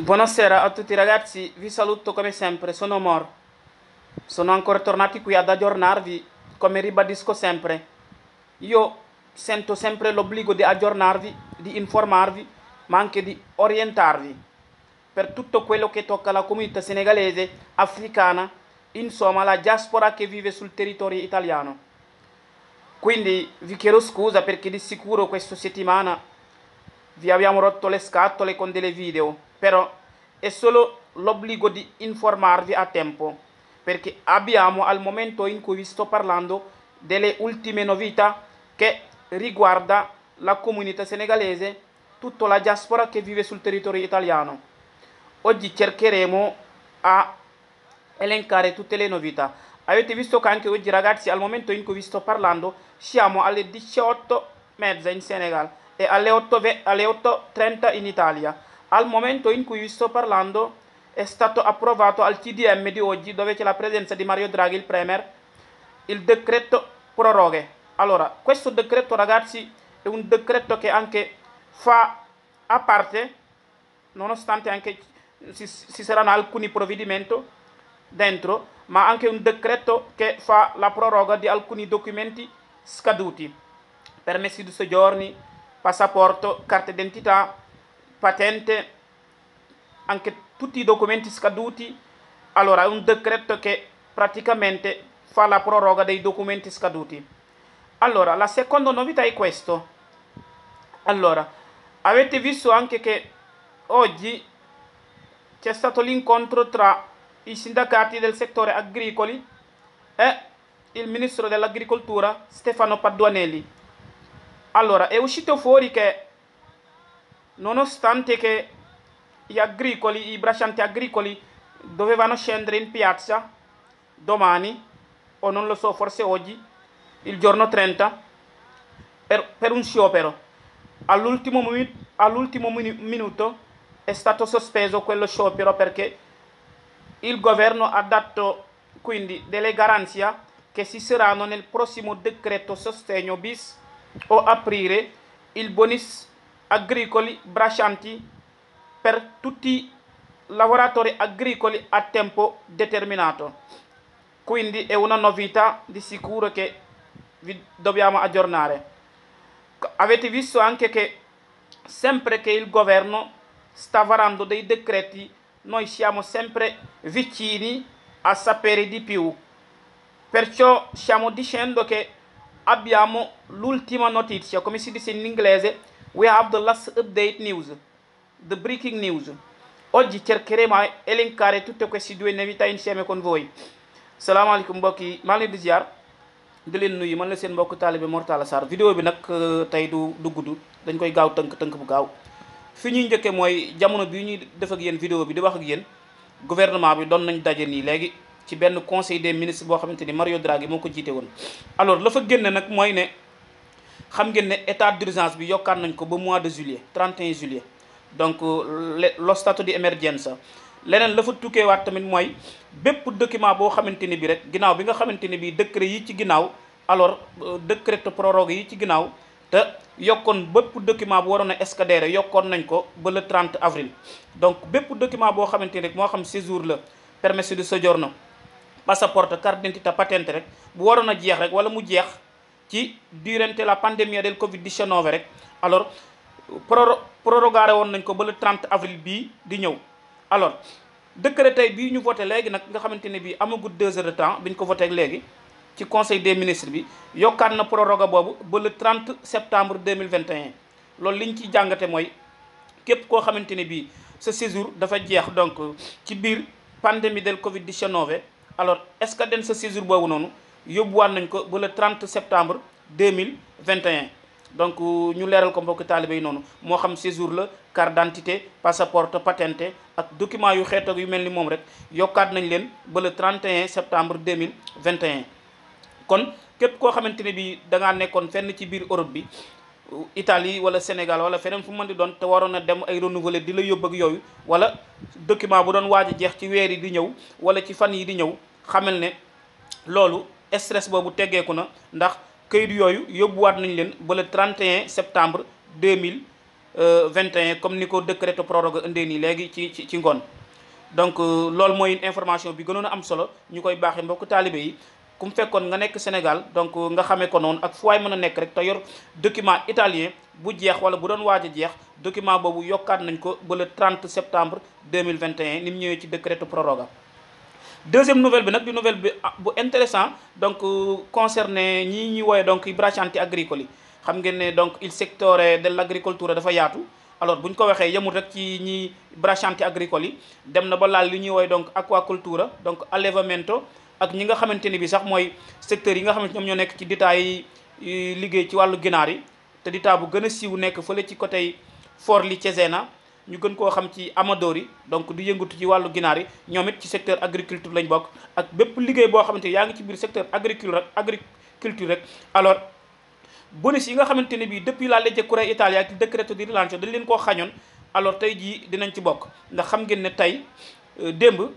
Buonasera a tutti ragazzi, vi saluto come sempre, sono Mor. Sono ancora tornati qui ad aggiornarvi, come ribadisco sempre. Io sento sempre l'obbligo di aggiornarvi, di informarvi, ma anche di orientarvi per tutto quello che tocca la comunità senegalese, africana, insomma la diaspora che vive sul territorio italiano. Quindi vi chiedo scusa perché di sicuro questa settimana vi abbiamo rotto le scatole con delle video però è solo l'obbligo di informarvi a tempo, perché abbiamo al momento in cui vi sto parlando delle ultime novità che riguarda la comunità senegalese, tutta la diaspora che vive sul territorio italiano. Oggi cercheremo a elencare tutte le novità. Avete visto che anche oggi ragazzi al momento in cui vi sto parlando siamo alle 18.30 in Senegal e alle 8.30 in Italia al momento in cui vi sto parlando è stato approvato al TDM di oggi dove c'è la presenza di Mario Draghi, il Premier, il decreto proroghe. Allora, questo decreto ragazzi è un decreto che anche fa a parte, nonostante anche ci, ci saranno alcuni provvedimenti dentro, ma anche un decreto che fa la proroga di alcuni documenti scaduti, permessi di soggiorni, passaporto, carta d'identità, patente, anche tutti i documenti scaduti, allora è un decreto che praticamente fa la proroga dei documenti scaduti. Allora, la seconda novità è questo. Allora, avete visto anche che oggi c'è stato l'incontro tra i sindacati del settore agricoli e il ministro dell'agricoltura Stefano Paduanelli. Allora, è uscito fuori che nonostante che gli agricoli, i braccianti agricoli dovevano scendere in piazza domani, o non lo so, forse oggi, il giorno 30, per, per un sciopero. All'ultimo, all'ultimo minuto è stato sospeso quello sciopero perché il governo ha dato quindi delle garanzie che si saranno nel prossimo decreto sostegno bis o aprire il bonus agricoli braccianti per tutti i lavoratori agricoli a tempo determinato. Quindi è una novità di sicuro che vi dobbiamo aggiornare. Avete visto anche che sempre che il governo sta varando dei decreti, noi siamo sempre vicini a sapere di più. Perciò stiamo dicendo che abbiamo l'ultima notizia, come si dice in inglese, we have the last update news, the breaking news. Oggi cercheremo a elencare tutte queste due novità insieme con voi. salaamaaleykum mbokk yi maa ngi leen di ziar di leen nuyu man la seen mbokk taalibe mortal Talla Sarr vidéo bi nag euh, tey du du gudd dañ koy gaaw tënk tënk bu gaaw fi ñuy njëkkee mooy jamono bi ñuy def ak yéen vidéo bi di wax ak yéen gouvernement bi doon nañ daje nii léegi ci benn conseil de ministre boo xamante ni Mario Draghi moo ko jiite woon alors la génne nag mooy ne xam ngeen ne état d'urgence bi yokkaat nañ ko ba mois de juillet 31 juillet donc euh, le statut di émergence leneen la fa tukkeewaat tamit mooy bépp document boo xamante ni bi rek ginnaaw bi nga xamante ni bi décret yi ci ginnaaw alors euh, décret prorogue yi ci ginnaaw te yokkoon bëpp document bu waroon a escadére yokkoon nañ ko ba le 30 avril donc bépp document boo xamante ni rek moo xam séjour la permis de séjour na passeport carte d'identité patente rek bu waroon a jeex rek wala mu jeex qui, durant la pandémie del Covid 19 alors prorogare on le 30 avril bi di alors décret tey bii ñu voté légui Nous, nga deux heures de temps biñ ko voté légui ci conseil des ministres bi avons na proroga le 30 septembre 2021 lool qui est jangaté moy. c'est képp ce xamante ne séjour dafa jeex donc ci biir pandémie del Covid 19 alors est ce que den ce séjour bobu nonou yóbbuwaat nañ ko ba le 30 septembre 2021 donc euh, ñu leeral ko mbokk taalibe yi noonu moo xam séjour la carte d'identité passeport patente ak document yu xeet ak yu mel ni moom rek yokkaat nañ leen ba le 31 septembre 2021 kon képp koo xamante ne bi da ngaa nekkoon fenn ci biir Europe bi euh, Italie wala Sénégal wala feneen fu mën di doon te waroon na dem ay renouveler di la yóbbu ak yooyu wala document bu doon waaj a jeex ci weer yi di ñëw wala ci fan yi di ñëw xamal ne loolu stress boobu teggeeku na ndax kayit yooyu yóbbuwaat nañ leen ba le 31 septembre 2021 comme ni ko décret prorogue indee nii léegi ci ci ci ngoon donc euh, loolu mooy information bi gënoon a am solo ñu koy baaxee mbokku taalibe yi ku mu fekkoon nga nekk Sénégal donc euh, nga xamee ko noonu ak fu waay mën a nekk rek te yor document italien bu jeex wala bu doon waaj jeex document boobu yokkaat nañ ko ba le 30 septembre 2021 ni mu ñëwee ci décret prorogue deuxième nouvelle bi nak bi nouvelle bi ah, bu intéressant donc euh, concerné ñi ñi woy donc braccianti agricoli yi xam ngeen ne donc il secteur de l'agriculture dafa yaatu alors buñ ko waxé yemul rek ci ñi braccianti agricoli yi dem na ba laal li ñi woy donc aquaculture donc allevamento ak ñi nga xamante bi sax moy secteur yi nga xamante ñom ñoo nek ci détail yi euh, liggéey ci walu ginaar yi te détail bu gëna a siiw nekk fële ci côté ci zéna ñu gën koo xam ci amador yi donc di yëngatu ci wàllu ginaar yi ñoom it ci secteur agriculture lañ bokk ak bépp liggéey boo xamante yaa ngi ci biir secteur agriculture agriculture rek alors bonus yi nga xamante ne bii depuis la legge Cour Italia ak décréto di rilancio dañ leen koo xañoon alors tey jii dinañ ci bokk nga xam ngeen ne tey euh, démb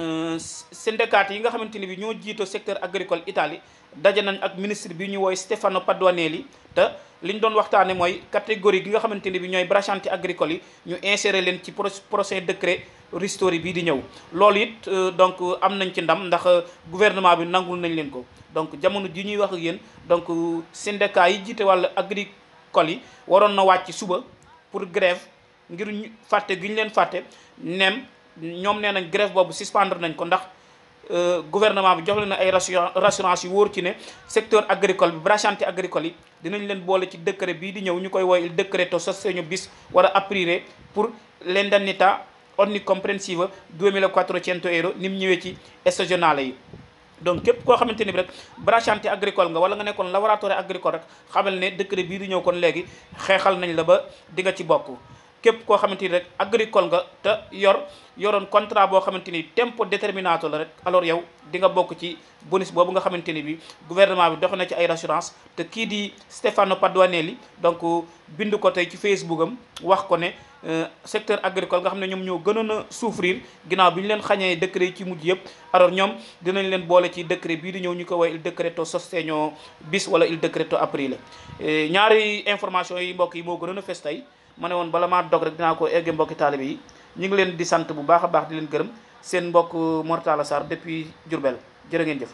euh, syndicat yi nga xamante ne bi ñoo jiito secteur agricole Italie daje nañ ak ministre bi ñu wooy Stefano Padoanelli te li ñu doon waxtaane mooy catégorie gi nga xamante ni bi ñooy braccianti agricole yi ñu insérer leen ci prochain décret ristori bii di ñëw loolu it euh, donc am nañ ci ndam ndax euh, gouvernement bi nangul nañ leen ko donc jamono ji ñuy wax ak yéen donc euh, syndicat yi jiite wàllu agricole yi waroon na wàcc suba pour grève ngir fàtte gi ñu leen fàtte neem ñoom nee nañ grève boobu suspendre nañ ko ndax Euh, gouvernement bi jox leen ay rassurance yu wóor ci ne secteur agricole bi brachanté agricole yi dinañ leen boole ci décret bii di ñëw ñu koy woy décreto sostegno bis war a aprire pour l'indennità onnicomprensiva 2400 euro ni mu ñëwee ci stagionale yi donc képp koo xamante ni bi rek brachanté agricole nga wala nga nekkoon laboratoire agricole rek xamal ne décret bii di ñëw kon léegi xeexal nañ la ba di nga ci bokk kep ko xamanteni rek agricole nga te yor yoron contrat bo xamanteni ni tempo déterminato la rek alors yow di nga bok ci bonus bobu nga xamanteni bi gouvernement bi dox na ci ay assurance te ki di Stefano Padoanelli donc bindu ko tay ci facebookam wax ko ne euh, secteur agricole nga xam ñom ñoo gënoon souffrir ginaaw biñu leen xañee décret ci mujj yeb alors ñom dinañ leen bolé ci décret bi di ñew ñuko way il decreto sostegno bis wala il decreto aprile euh, ñaari information yi mbok yi mo gënoon a tay ma ne woon bala maa dog rek dinaa ko egge mbokki taalibe yi ñu ngi leen di sant bu baax a baax di leen gërëm seen mbokk Mor Talla Sarr depuis Diourbel jërë ngeen jëf